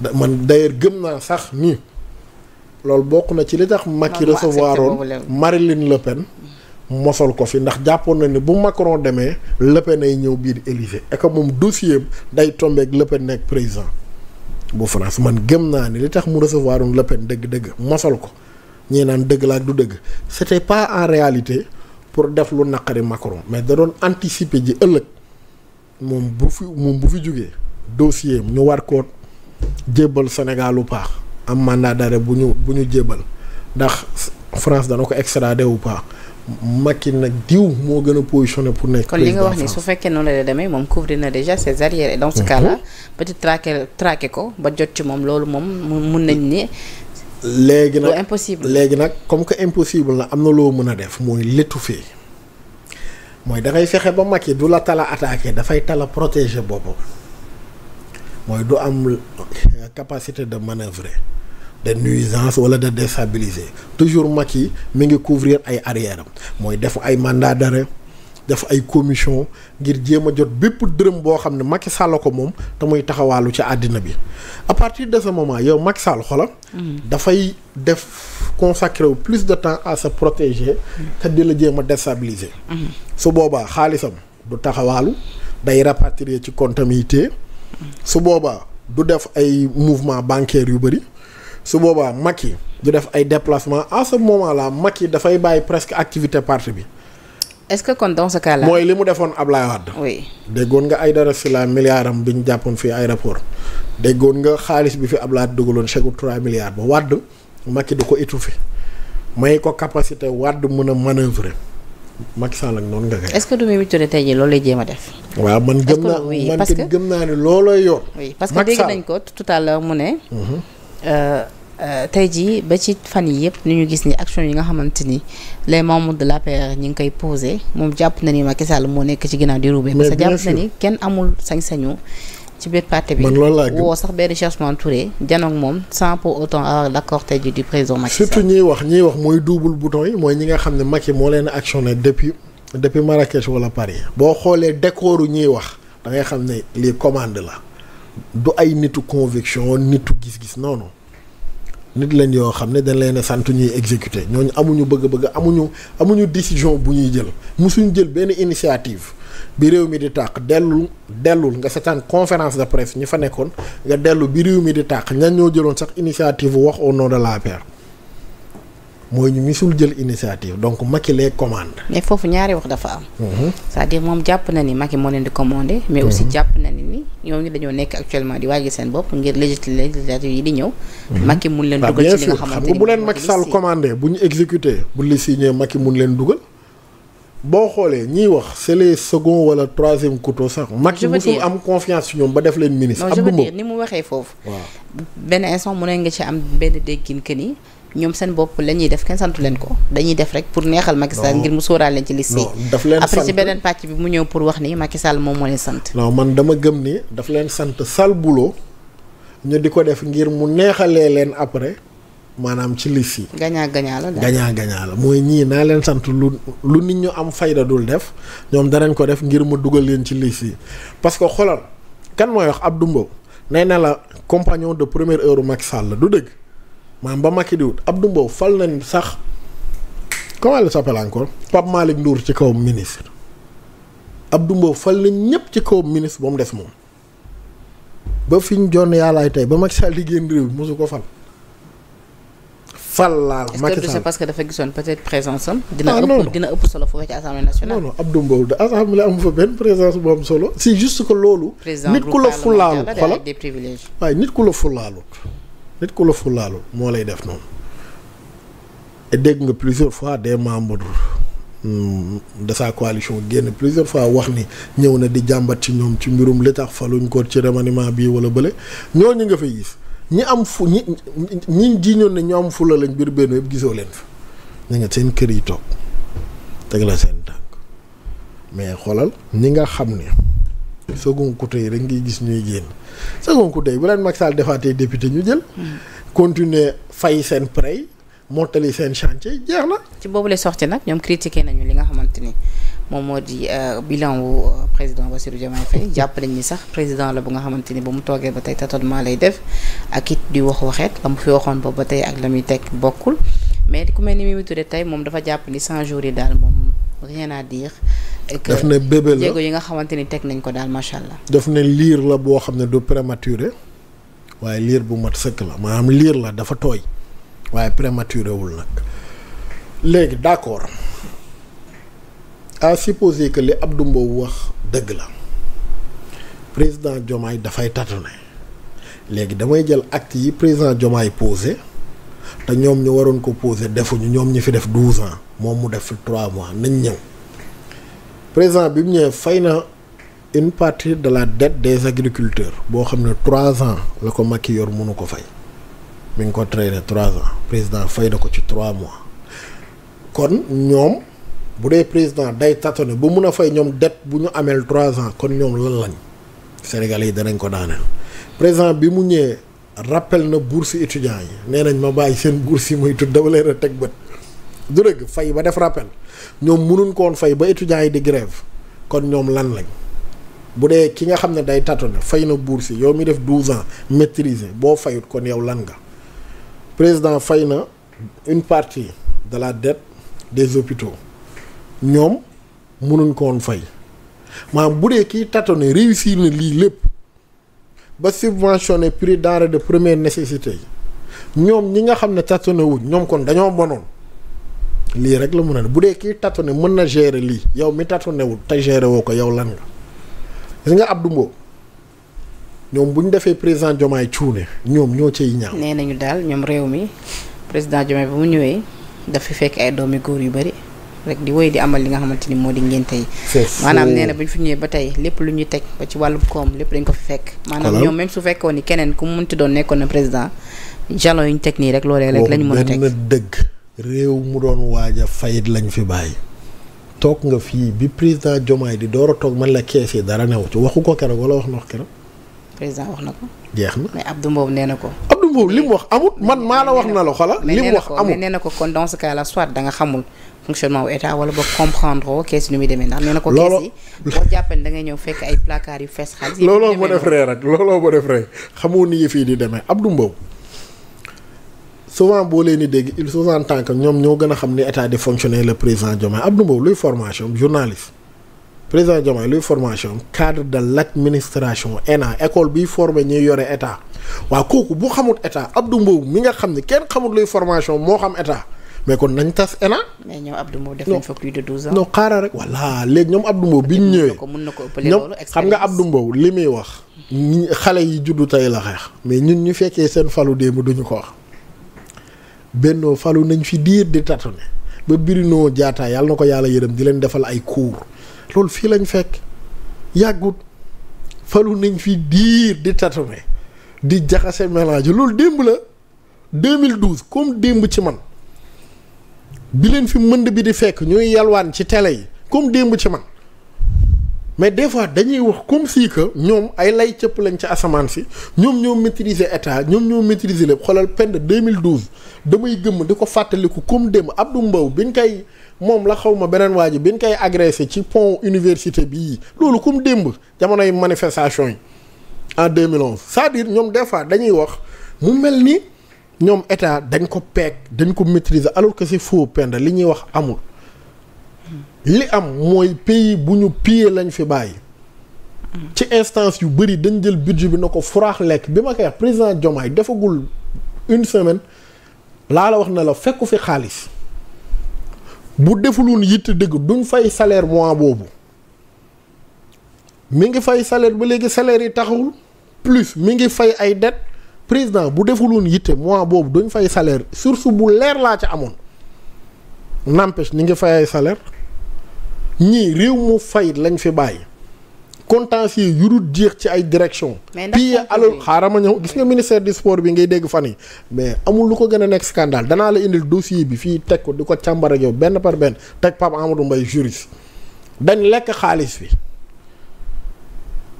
man d'ailleurs gëm naa sax ni loolu bokk na ci li tax Macky recevoir oon Marine Le Pen mosol ko fi ndax jàppoon na ni bu Macron demee Le Pen ay ñëw biir Élysée et que moom dossier day tombeek Le Pen nekk président bu France man gëm naa ni li tax mu recevoir oon Le Pen dëgg-dëgg mosol ko ñii naan dëgg la ak du dëgg c'était pas en réalité pour def lu naqari Macron mais da doon anticiper ji ëllëg moom bu fi moom bu fi jógee dossier ñu war koo jébbal Sénégal ou pas am mandat d'arrêt bu ñu bu ñu jébbal ndax France dana ko extradé ou pas Macky nag diw moo gën a positionné pour nekk. kon li nga wax ni su fekkee noonu la demee moom couvrir na déjà ses arrières et dans ce mhm. cas là peut-être traqué traqué ko ba jot ci moom loolu moom mun nañ ni léegi nag impossible léegi nag comme que impossible na am na loo mën a def mooy l'étouffer mooy dangay fexe ba Macky du la tala attaqué dafay tala protéger boppam. mooy du am euh, capacité de manœuvrer de nuisance wala de déstabiliser toujours Macky mi ngi couvrir ay arrière mooy def ay mandat d'arrêt def ay commission ngir jéem a jot bépp dërëm boo xam ne Macky Sall ko moom te muy taxawaalu ci àddina bi à partir de ce moment yow Macky Sall xola mm. dafay def consacré wu plus de temps à se protéger. te di la jéem a déstabiliser. Mm. su boobaa xaalisam du taxawaalu day rapatrier ci comptabilité. su boobaa du def ay mouvement bancaire yu bëri su boobaa mag yi du def ay déplacement à ce moment là yi dafay bàyyi presque activité parti bi. est-ce que kon dans mooy li mu defoon Ablaye Wade. oui déggoon nga ay dara si la am bi ñu jàppoon fii aéroport déggoon nga xaalis bi fi Ablaye dugaloon chèque 3 milliards ba Wade Macky du ko étouffé may ko capacité Wade mën a manœuvrer. Macky Sall ak noonu nga koy. est-ce que du Mimi tey ji loolu lay jéem a def. waaw man gëm naa man tamit gëm naa ne looloo parce que dégg nañ ko tout à l'heure mu ne. Mhm. Euh, euh, tey jii ba ci fan yi yëpp ni ñu gis ni action yi nga xamante ni les membres de l'APR ñi ngi koy posé moom jàpp na ni Macky Sall moo nekk ci ginnaaw di roubé. parce que jàpp na ni kenn amul sañ-sañu. ci biir parti bi. loolu laa gëm woo sax benn Cheikh Touré janoog moom sans pour autant avoir l'accord tey ji du président Macky Sall. wax ñuy wax mooy double bouton yi mooy ñi nga xam ne Macky moo leen actionné depuis depuis Marrakech wala Paris. boo xoolee décoru ñuy wax da ngay xam ne lii commande la du ay nitu conviction nittu gis-gis noonu nit lañ yoo xam ne dañ leen santu ñuy exécuter ñooñu amuñu bëgg-bëgg amuñu amuñu décision bu ñuy jël musuñ jël benn initiative bi réew mi di tàq dellu dellul nga seetaan conférence de presse ñi fa nekkoon nga dellu bi réew mi di tàq ñan ñoo jëloon sax initiative bu wax au no de la paix mooy ñu misul jël initiative donc Macky les commande. mais foofu ñaari wax dafa am. Mhm. cest dire moom jàpp na ni Macky moo leen di commandé. mais aussi mhm. jàpp na ni ñoom ñu dañoo nekk actuellement di waajal seen bopp ngir législative yi di ñëw. Mhm. Macky mun leen dugal ci li nga xamante ni bu leen Macky Sall commandé bu ñu exécuté bu li signé Macky mun leen dugal. boo xoolee ñiy wax c'est les wala troisième couteau sax. Macky musul am confiance ci ba def leen ministre. non je ni mu waxee foofu. benn instant mu ne nga ci am benn déggin que ni. ñoom seen bopp la ñuy def kenn santu leen ko dañuy def rek pour neexal Macky Sall ngir mu sooraal leen ci liste yi daf leen après ci mu ñëw pour wax ni Macky Sall moom moo leen sant non man dama gëm ni daf leen sant sal boulot ñu di ko def ngir mu neexalee leen après maanaam ci liste yi gañaa gañaa la gañaa gañaa la mooy ñii naa leen sant lu lu nit ñu am fayda dul def ñoom danañ ko def ngir mu dugal leen ci liste yi parce que xoolal kan mooy wax ab dumbo nee na la compagnon de première heure Macky Sall du dëgg maanaam ba Macky di wut Abdou Mbow fal nañ sax comment elle s'appelle encore Pape Malick Ndour ci kaw ministre ab Mbow fal nañ ñëpp ci kaw ministre ba mu des moom ba fi ñu jonn yàllaay tey ba Macky Sall di génn mosu ko fal. fal laal Macky Sall est-ce que ah, dina ëpp dina ëpp solo foofu ci assemblée de assemblée amu fa benn présence bu am solo. c'est juste que loolu. nit ku la fulaalu xoolal waaye nit ku la fulaalut. nit ku la fulaalul moo lay def noonu et dégg nga plusieurs fois des membres hmm, de sa coalition génn plusieurs fois wax ni ñëw na di jàmbat ci ñoom ci mbirum li tax faluñ ko ci remaniement bii wala bële ñu nga fay gis ñi am fu ñi ñi jiñoon ne ñu am fula lañ biir benn yëpp gisoo leen fa ña nga seen kër yi toog teg la seen tànk mais xoolal ñi nga xam ne. second côté yi rek ngay gis ñuy génn second côté yi bu leen Macky Sall defaatee député ñu jël. Hmm. continuer fay seen prêt mottali seen chantier jeex na. ci boobu la sorti nag ñoom critiqué nañu li nga xamante ni moom moo di euh, bilan wu euh, président Bassirou Diomaye Faye jàpp nañ ni sax président la bu nga xamante ni ba mu toogee ba tey tâtonnement lay def ak it di wax waxeet la mu ba ba tey ak la muy teg bokkul mais ku mel ni Mimi tey moom dafa jàpp ni 100 jours yi daal moom rien à dire. daf na bébé la jéego yi nga xamante ni teg nañ ko daal macha allah. daf ne liir la boo xam ne du prématuré waaye liir bu mat sëkk la maanaam liir la dafa tooy waaye prématuré wul nag léegi d'accord à supposer que li Abdou Mbow wax dëgg la président Diomaye dafay tâtonné léegi damay jël acte yi président Diomaye posé te ñoom ñu waroon ko posé defuñu ñoom ñu fi def douze ans moom mu def fi trois mois nañ ñëw. président bi mu ñëwee fay na une partie de la dette des agriculteurs boo xam ne trois ans la ko Macky yor mënu ko fay mi ngi ko traîner trois ans président fay na ko ci trois mois kon ñoom bu dee président day tâtonner ba mun a fay ñoom dette bu ñu ameel trois ans kon ñoom lan lañ Sénégalais yi danañ ko daaneel président bi mu ñëwee rappel na bourse étudiants yi nee nañ ma bàyyi seen bourse yi muy tudd dama leen a teg bët du dëgg fay ba def rappel. ñoom mënuñ koon fay ba étudiants yi di grève kon ñoom lan lañ bu dee ki nga xam ne day tâtonner fay na si yow mi def 12 ans maîtriser boo fayut kon yow lan nga président fay na une partie de la dette des hôpitaux ñoom mënuñ koon fay maanaam bu dee kiy tâtonner réussir na lii lépp ba subventionner prix denrées de première nécessité yi ñoom ñi nga xam ne tâtonner wuñ ñoom kon dañoo bonoon lii rek la mën a bu dee kii tâtonné mën na gérer lii yow mi tâtonné wul te gérer woo ko yow lan nga gis nga ab Mbow ñoom bu ñu defee président Diomaye cuune ñoom ñoo ciy ñaaw. nee nañu daal ñoom réew mi président Diomaye bu mu ñëwee dafa fekk ay doomi góor yu bari rek di woy di amal xamante ni moo di ngénte yi maanaam na bu ñu fi ñëwee ba tey lépp lu ñuy teg ba ci wàllum koom lépp dañ ko fi fekk maanaam ñoom même su fekkoon ni keneen ku mu mënti doon nekkoon na président jalon yu ñu teg nii rek loolee rek la ñu mën a teg dëgg réew mu doon waaja a fayit lañ fi bàyyi toog nga fii bi président Diomaye di door a toog man la kees yi dara newu ci waxu ko keroog wala wax na ko keroog. président wax na ko. jeex na mais Abdou Mbow ne na ko. Abdou Mbow li mu wax amut man maa la wax na la xala li mu wax amut mais nee na ko kon dans ce cas là soit da nga xamul fonctionnement wu état wala ba comprendre ko kees nu muy demee ndax nee na ko. looloo kees yi boo jàppee da ngay ñëw fekk ay yu fees xaalis. looloo ma def ree rek looloo ma yi di demee Abdou Mbow. souvent boo leen di dégg il sous-entend que ñoom ñoo gën a xam ni état di fonctionner le président Diomaye Abdou Mbow luy formation journaliste président Diomaye luy formation cadre de l' administration ENA école biy formé ñuy yore état waaw kooku bu xamul état Abdou Mbow mi nga xam ni kenn xamul luy formation moo xam état mais kon nañ tas ENA. mais ñoom Abdou Mbow def nañ fa plus de 12 ans. non xaaral rek voilà léegi ñoom Abdou Mbow bi ñu ñëwee ñoom xam nga Abdou Mbow li muy wax. xale yi juddu tey la xeex mais ñun ñu fekkee seen falu démb duñu ko wax. bennoo falu nañ fi diir di tatone ba birinoo jaataa yàlla na ko yàlla yërëm di leen defal ay cours loolu fii lañ fekk yàggut falu nañ fi diir di tatone di jaxase mélange loolu démb la 2012 comme démb ci man bi leen fi mënd bi di fekk ñuy yalwaan ci tele yi comme démb ci man mais des fois dañuy wax comme si ñoom ay lay cëpp lañ ci asamaan si ñoom ñoo maîtriser état ñoom ñoo maîtriser lépp xoolal pend 2012 damay gëmm di ko fàttaliku comme démb Abdou Mbow biñ koy moom la xaw ma beneen waa ji biñ koy agressé ci pont université bii loolu comme démb jamonoy manifestation yi en 2011 cest dire ñoom des fois dañuy wax mu mel ni ñoom état dañ ko peeg dañ ko maîtriser alors que c'est faux pend li ñuy wax amul. li am mooy pays bu ñu pillé lañ fi bàyyi. ci instance yu bëri dañ jël budget bi na ko furaax lekk bi ma koy wax président Diomaye defagul une semaine laa wax na la fekku fi xaalis bu defuloon yitt dëgg duñ fay salaire mois boobu mi ngi fay salaire ba léegi salaire yi taxul plus mi ngi fay ay dette président bu defuloon yitte mois boobu duñ fay salaire source bu leer laa ci amoon n'empêche ni ngi fay ay salaire ñii réew mu fay lañ fi bàyyi contentieux yu dul jeex ci ay direction puis alors xaaral ma ñëw gis nga ministère du sport bi ngay dégg fan yi mais amul lu ko gën a nekk scandale danaa la indil dossier bi fii teg ko di ko càmbar ak benn par benn teg Pape Amadou mbay juriste dañ lekk xaalis bi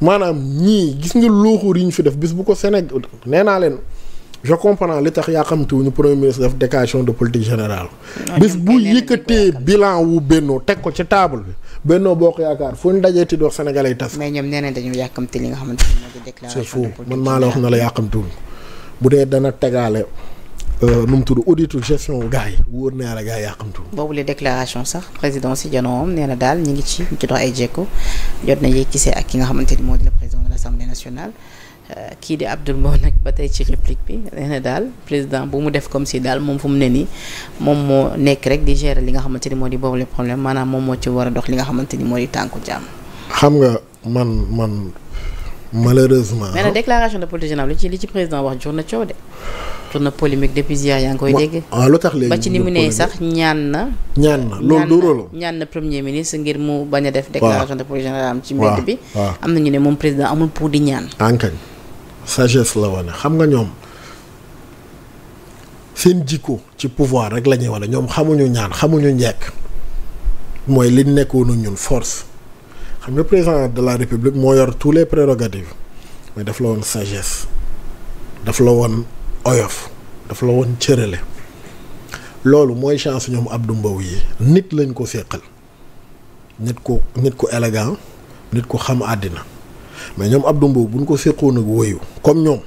maanaam ñii gis nga looxoor yi ñu fi def bis bu ko Sénégal nee naa leen je comprends li tax yaa xamte wuñu premier ministre def déclaration de politique générale bis bu yëkkatee bilan wu bennoo teg ko ci table bi bennoo boo ko yaakaar fu ñu dajee ti wax sénégalais yi tas mais ñoom nee nañ dañu nga xamante ni moo di wax na la yàkkamte wuñu bu dee dana tegaale euh, nu mu tudd auditu gestion gars yi wóor naa la gars yi yàqamtu. boobu les déclaration sax président si janoom nee na daal ñu ngi ci ñu ci dox ay jékko jot na yéeg gisee ak ki nga xamante ni moo di le président de l' Euh, kii de Abdoul Mbow nag ba tey ci réplique bi nee daal président bu mu def comme si daal moom fu mu ne nii moom moo nekk rek di gérer li nga xamante ni moo di boobu le problème maanaam moom moo ci war a dox li nga xamante ni tànku jàmm. xam nga man man malheureusement. mais nag déclaration de politique générale li ci li ci président wax jur na coow de. jur na polémique depuis hier yaa ngi koy dégg. Ah, lu tax léegi ba ci ni mu ne sax ñaan na. ñaan na loolu du ñaan na premier ministre ngir mu bañ a def. déclaration de politique générale am ci mbedd bi. am na ñu ne moom président amul pour di ñaan. sagesse la wane xam nga ñoom seen jikko ci pouvoir rek la ñuy wane ñoom xamuñu ñaan xamuñu njekk mooy liñ nekkoonu ñun force xam nga président de la république moo yor tous les prérogatives mais daf la woon sages daf la woon oyof daf la woon cërale loolu mooy chance ñoom Abdou Mbow yi nit lañ ko séqal nit ku nit ku élégant nit ku xam àddina mais ñoom Abdou Mbow bu ñu ko séqoon ak woyu comme ñoom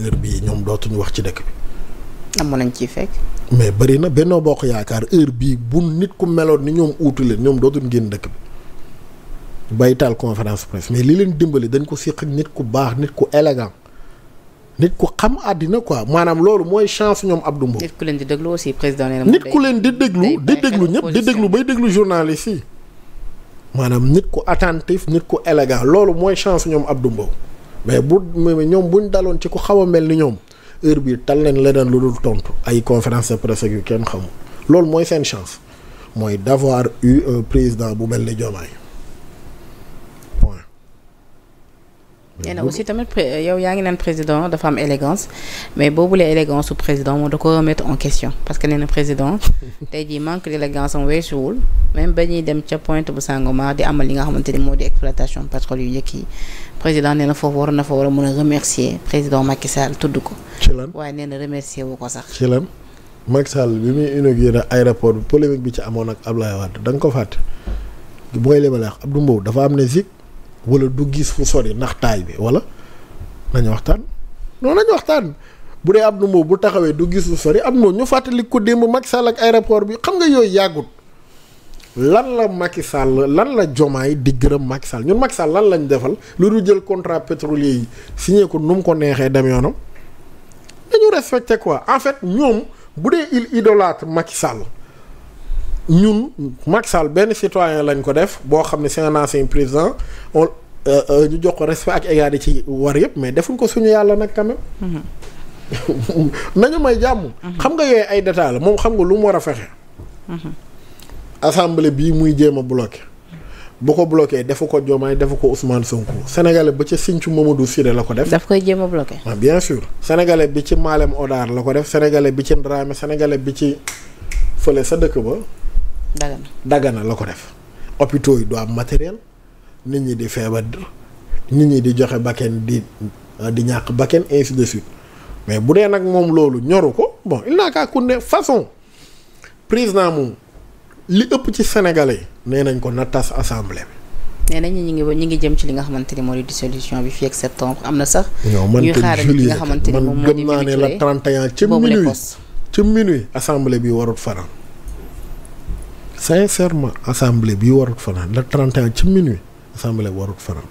heure bii ñoom dootuñu wax ci dëkk bi. amoon nañ ciy fekk. mais bëri na Benno Bokk Yaakaar heure bii bu nit ku meloon ni ñoom uutu leen ñoom dootuñu génn dëkk bi bay taal conférence mais li leen dimbali dañ ko séq nit ku baax nit ku élégant nit ku xam àddina ko maanaam loolu mooy chance ñoom ab Mbow. nit ku leen di déglu aussi président nit ku leen di déglu di déglu ñëpp di déglu bay déglu journaliste yi. maanaam nit ku attentif nit ku élégant loolu mooy chance ñoom Abdou Mbow mais bu ñoom buñ daloon ci ku xaw a mel ni ñoom heure bii tal leen leneen lu dul tontu ay conférence de presse yu kenn xamul loolu mooy seen chance mooy d'avoir eu un président bu mel ni Diomaye nee na aussi tamit yow yaa ngi naan président dafa am élégance mais boobule élégance su président moom da ko remettre en question parce que nee na président tey jii manque d' élégance am weesuwul même ba ñuy dem ca pointe bu Sangomar di amal yi nga xamante ni moo di exploitation pétrole yu njëkk yi président nee na foofu war na fa war a mën a remercier président Macky Sall tudd ko. ci waaye nee remercier wu ko sax. ci lan Macky Sall bi muy inauguré aéroport bi polémique bi ci amoon ak Ablaye Wade da nga dafa am ne zik wala du gis fu sori ndax taay bi wala nañu waxtaan noonu nañu waxtaan bu dee nu Mbow bu taxawee du gis fu sori Abdou Mbow ñu fàttali ko démb Macky Sall ak aéroport bi xam nga yooyu yàggut lan la Macky Sall lan la jomaay di gërëm Macky Sall ñun Macky Sall lan lañ defal lu dul jël contrat pétrolier yi signé ko nu mu ko neexee dem yoonam dañu respecté quoi en fait ñoom bu dee il idolâtre Macky Sall ñun Macky Sall benn citoyen lañ ko def boo xam ne c'est un ancien président on euh, euh, jox ko respect ak ci war yëpp mais defuñ ko suñu yàlla nag quand mm-hmm. may jàmm. Mm-hmm. xam nga ay détails moom xam lu mu war a fexe. Mm-hmm. assemblée bii muy jéem a bloqué. bu ko bloqué defu ko Diomaye defu ko Ousmane Sonko sénégalais ba ca Sinthiou Mamadou Siré la ko def. daf koy jéem a bloqué. ah bi ci Malem Odar la ko def sénégalais bi ci Ndramé sénégalais bi ci fële sa dëkk ba. dagana dagana la ko def hôpitaux yi du am matériel nit ñi di feebar nit ñi di joxe bakken di di ñàkk bakken ainsi de suite mais bu dee nag moom loolu ñoru ko bon il n'a qu'à ne façon président moom li ëpp ci sénégalais nee nañ ko na tas assemblée bi. nee nañ ñu ngi ñu ngi jëm ci li nga xamante ni moo di dissolution bi fii ak am na sax. ñuy xaaral li nga xamante ni moom moo di. man gëm naa ne la 31 ci minuit ci minuit assemblée bi warut faral. sincèrement assemblée bi warut fanaan le 31 ci minuit assemblée warut fanaan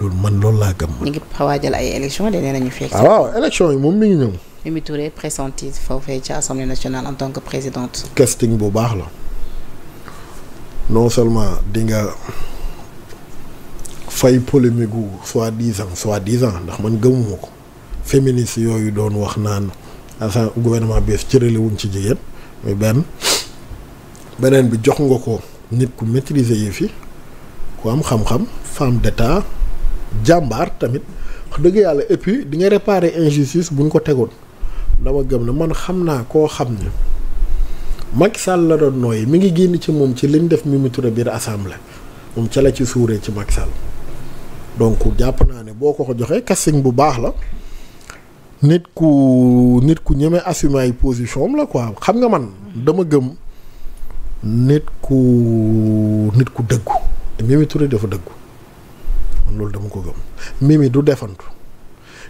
loolu man loolu laa gëm. ñu ngi waajal ay élections de nee nañu fekk. ah waaw élections yi moom mi ngi ñëw. Mimi Touré pressentie foofee ci assemblée nationale en tant que présidente. casting bu baax la non seulement di nga fay polémique gu soi soit soi-disant ndax man gëmuma ko féministe yooyu doon wax naan asa gouvernement bi cërale wuñ ci jigéen muy beneen bi jox nga ko nit ku maîtriser yi fi ku am xam-xam femme d'état jàmbaar tamit dëgg yàlla et puis di nga réparer injustice buñ ko tegoon dama gëm ne man xam naa koo xam ne Macky la doon nooyi mi ngi génn ci moom ci liñ def Mimi Touré biir assemblée moom ca la ci suuree ci Macky Sall donc jàpp naa ne boo ko ko joxee casting bu baax la nit ku nit ku ñeme assumer ay position la quoi xam nga man dama gëm. nit ku nit ku dëggu te Mimi Touré dafa dëggu man loolu dama ko gëm Mimi du defantu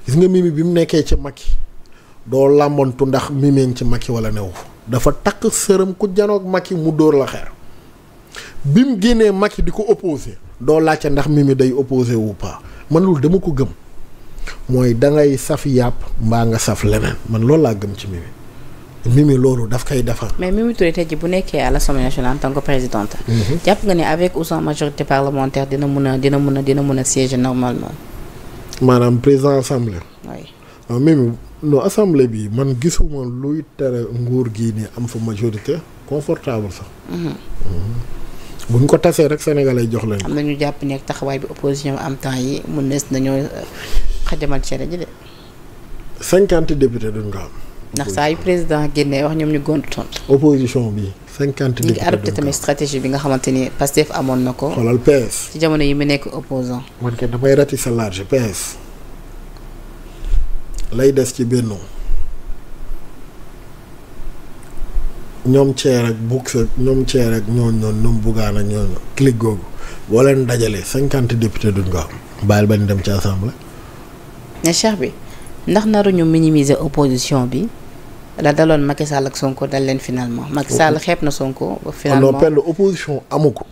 gis nga Mimi bi mu nekkee ci Macky doo làmbantu ndax Mimi ngi ci Macky wala newu dafa takk sëram ku janoog Macky mu dóor la xeer bi mu génnee yi di ko opposé doo laajte ndax Mimi day opposé wu pas man loolu dama ko gëm mooy dangay ngay saf yàpp mbaa nga saf leneen man loolu laa gëm ci Mimi Mimi loolu daf koy defar. mais Mimi Touré tey jii bu nekkee à l'Assemblée nationale en tant que présidente. Mhm. jàpp nga ne avec ou sans majorité parlementaire dina mun a dina mun a dina mun a siéger normalement. maanaam président assemblée. waaye ah, Mimi non assemblée bi man gisuma luy tere nguur gii nii am fa majorité confortable sax. Mhm. Mhm. bu ñu ko tasee rek sénégalais jox leen. am na ñu jàpp ne taxawaay bi opposition am temps yi mun nees nañoo euh, xajamal cere ji de. cinquante député ndax saa yu président génnee wax ñoom ñu gontu tontu. opposition bi. cinquante députés ñu ngi adopté tamit stratégie bi nga xamante ni Pastef amoon na ko. xoolal PS. jamono yi mu nekk opposant man kay damay rati sa PS. lay des ci Benno ñoom ñoom ceer ak ñooñu noonu ñoom buggaan ak ñooñu clic googu boo leen dajalee cinquante députés duñ ko am. bàyyil dem ci assemblée. ne cheikh bi. ndax naru naruñu minimiser opposition bi la daloon Macky Sall ak Sonko dal leen finalement. Macky Sall xeeb na Sonko. finalement non opposition amagut